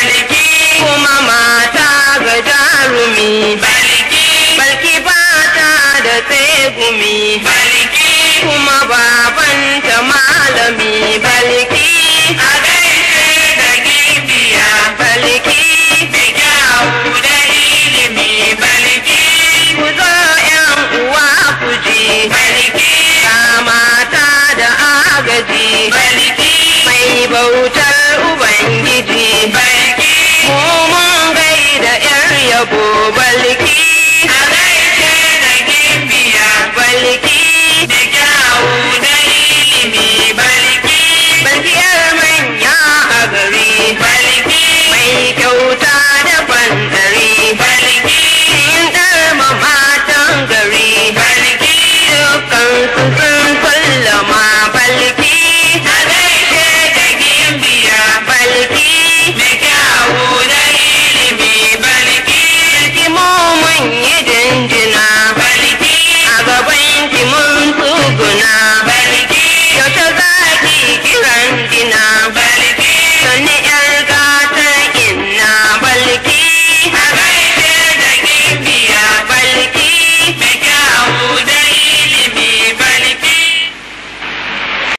balki kuma mata ga jarumi balki balki ba ta da tsegumi balki kuma babanta malami balki a gaishe da gibiya balki da kyawu da ilimi balki ku zo yan uwa ku ji balki ga mata da agaji balki mai bautar ubai को बल्कि बल्कि